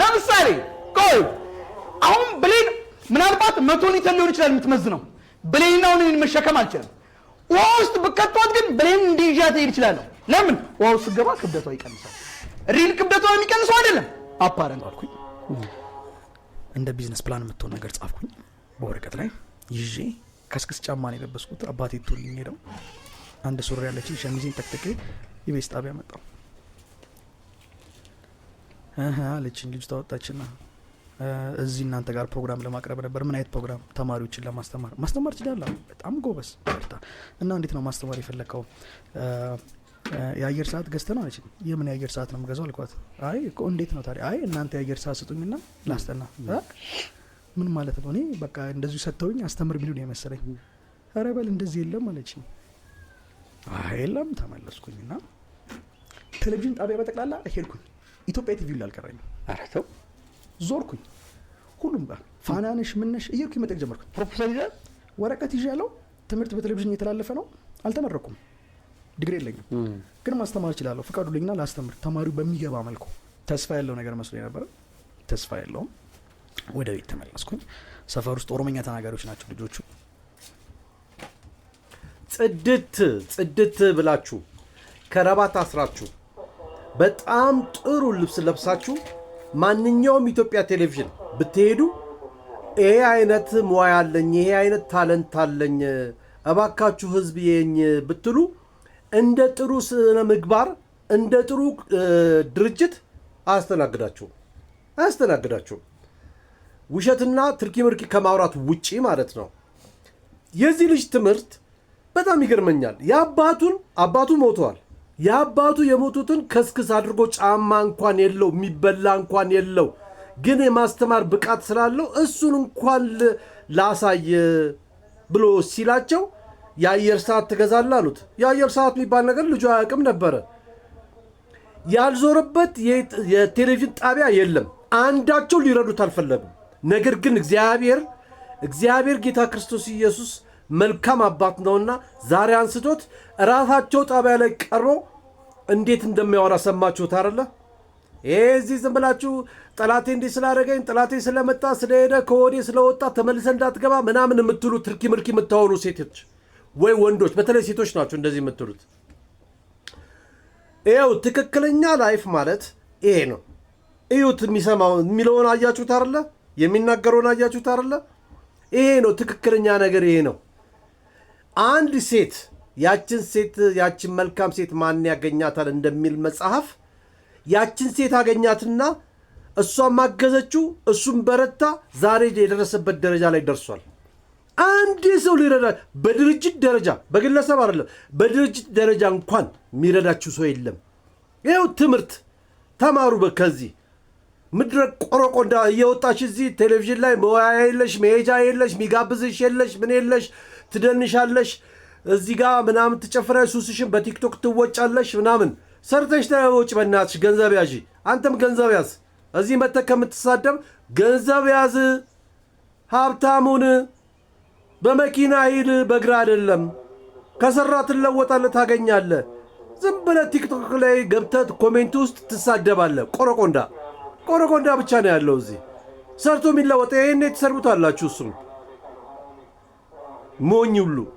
ለምሳሌ ቆይ አሁን ብሌን ምናልባት መቶ ሊትር ሊሆን ይችላል የምትመዝነው ብሌናውን መሸከም አልችልም። ውሃ ውስጥ ብከቷት ግን ብሌን እንዲይዣ ትሄድ ይችላለሁ። ለምን ውሃ ውስጥ ስገባ ክብደቷ ይቀንሳል። ሪል ክብደቷ የሚቀንሰው አይደለም አፓረን አልኩኝ። እንደ ቢዝነስ ፕላን የምትሆን ነገር ጻፍኩኝ በወረቀት ላይ ይዤ ከስክስ ጫማ ነው የለበስኩት። አባቴ ቱ ሄደው አንድ ሱሪ ያለችን ሸሚዜን ተክትኬ የቤስ ጣቢያ መጣው። አለችኝ። ልጅቷ እዚህ እናንተ ጋር ፕሮግራም ለማቅረብ ነበር። ምን አይነት ፕሮግራም? ተማሪዎችን ለማስተማር። ማስተማር ችላለሁ፣ በጣም ጎበስ ርታ እና እንዴት ነው ማስተማር የፈለግከው? የአየር ሰዓት ገዝተ ነው አለችኝ። የምን የአየር ሰዓት ነው የምገዛው አልኳት። አይ እኮ እንዴት ነው ታዲያ? አይ እናንተ የአየር ሰዓት ስጡኝና ላስጠና። ምን ማለት ነው? እኔ በቃ እንደዚሁ ሰጥተውኝ አስተምር ቢሉን የመሰለኝ። ኧረ በል እንደዚህ የለም አለችኝ። አይ የለም ተመለስኩኝና ቴሌቪዥን ጣቢያ በጠቅላላ ሄድኩኝ። ኢትዮጵያ ቲቪ ላልቀረኝ አረተው ዞርኩኝ። ሁሉም ጋር ፋናንሽ ምነሽ እየሄድኩኝ መጠየቅ ጀመርኩ። ፕሮፖዛል ይዛ ወረቀት ይዤ ያለው ትምህርት በቴሌቪዥን እየተላለፈ ነው። አልተመረኩም፣ ዲግሪ የለኝም፣ ግን ማስተማር እችላለሁ። ፍቃዱ ልኝና ላስተምር ተማሪው በሚገባ መልኩ ተስፋ ያለው ነገር መስሎ ነበረ። ተስፋ ያለውም ወደ ቤት ተመለስኩኝ። ሰፈር ውስጥ ኦሮመኛ ተናጋሪዎች ናቸው ልጆቹ። ጽድት ጽድት ብላችሁ ከረባት አስራችሁ በጣም ጥሩ ልብስ ለብሳችሁ ማንኛውም ኢትዮጵያ ቴሌቪዥን ብትሄዱ ይሄ አይነት ሙያ አለኝ፣ ይሄ አይነት ታለንት አለኝ፣ እባካችሁ ህዝብ የኝ ብትሉ እንደ ጥሩ ስነ ምግባር እንደ ጥሩ ድርጅት አያስተናግዳችሁም አያስተናግዳችሁም። ውሸትና ትርኪ ምርኪ ከማውራት ውጪ ማለት ነው። የዚህ ልጅ ትምህርት በጣም ይገርመኛል። የአባቱን አባቱ ሞተዋል የአባቱ የሞቱትን ከስክስ አድርጎ ጫማ እንኳን የለው የሚበላ እንኳን የለው፣ ግን የማስተማር ብቃት ስላለው እሱን እንኳን ላሳይ ብሎ ሲላቸው የአየር ሰዓት ትገዛል አሉት። የአየር ሰዓት የሚባል ነገር ልጁ አያውቅም ነበረ። ያልዞረበት የቴሌቪዥን ጣቢያ የለም። አንዳቸው ሊረዱት አልፈለጉም። ነገር ግን እግዚአብሔር እግዚአብሔር ጌታ ክርስቶስ ኢየሱስ መልካም አባት ነውና ዛሬ አንስቶት ራሳቸው ጣቢያ ላይ ቀርቦ እንዴት እንደሚያወራ ሰማችሁት አይደለ? ይሄ እዚህ ዝም ብላችሁ ጠላቴ እንዲህ ስላደረገኝ ጠላቴ ስለመጣ ስለሄደ ከወዴ ስለወጣ ተመልሰ እንዳትገባ ምናምን የምትሉ ትርኪ ምርኪ የምታወሩ ሴቶች ወይ ወንዶች፣ በተለይ ሴቶች ናቸው እንደዚህ የምትሉት። ይኸው ትክክለኛ ላይፍ ማለት ይሄ ነው። እዩት፣ የሚሰማው የሚለውን አያችሁት አይደለ? የሚናገረውን አያችሁት አይደለ? ይሄ ነው ትክክለኛ ነገር፣ ይሄ ነው። አንድ ሴት ያችን ሴት ያችን መልካም ሴት ማን ያገኛታል እንደሚል መጽሐፍ ያችን ሴት አገኛትና እሷም አገዘችው፣ እሱም በረታ። ዛሬ የደረሰበት ደረጃ ላይ ደርሷል። አንድ ሰው ሊረዳ በድርጅት ደረጃ በግለሰብ አይደለም፣ በድርጅት ደረጃ እንኳን የሚረዳችው ሰው የለም። ይኸው ትምህርት ተማሩ። ከዚህ ምድረ ቆረቆ እየወጣች እዚህ ቴሌቪዥን ላይ መወያ የለሽ፣ መሄጃ የለሽ፣ ሚጋብዝሽ የለሽ፣ ምን የለሽ ትደንሻለሽ፣ እዚህ ጋር ምናምን ትጨፍራ፣ ሱስሽን በቲክቶክ ትወጫለሽ ምናምን። ሰርተሽ ተወጪ በእናትሽ፣ ገንዘብ ያዥ። አንተም ገንዘብ ያዝ። እዚህ መጥተህ ከምትሳደብ ገንዘብ ያዝ፣ ሀብታሙን በመኪና ሂድ፣ በእግር አይደለም። ከሰራ ትለወጣለህ፣ ታገኛለህ። ዝም ብለህ ቲክቶክ ላይ ገብተህ ኮሜንት ውስጥ ትሳደባለህ። ቆረቆንዳ ቆረቆንዳ ብቻ ነው ያለው እዚህ ሰርቶ የሚለወጠ ይህን የተሰርቡታላችሁ እሱም moo ñuulu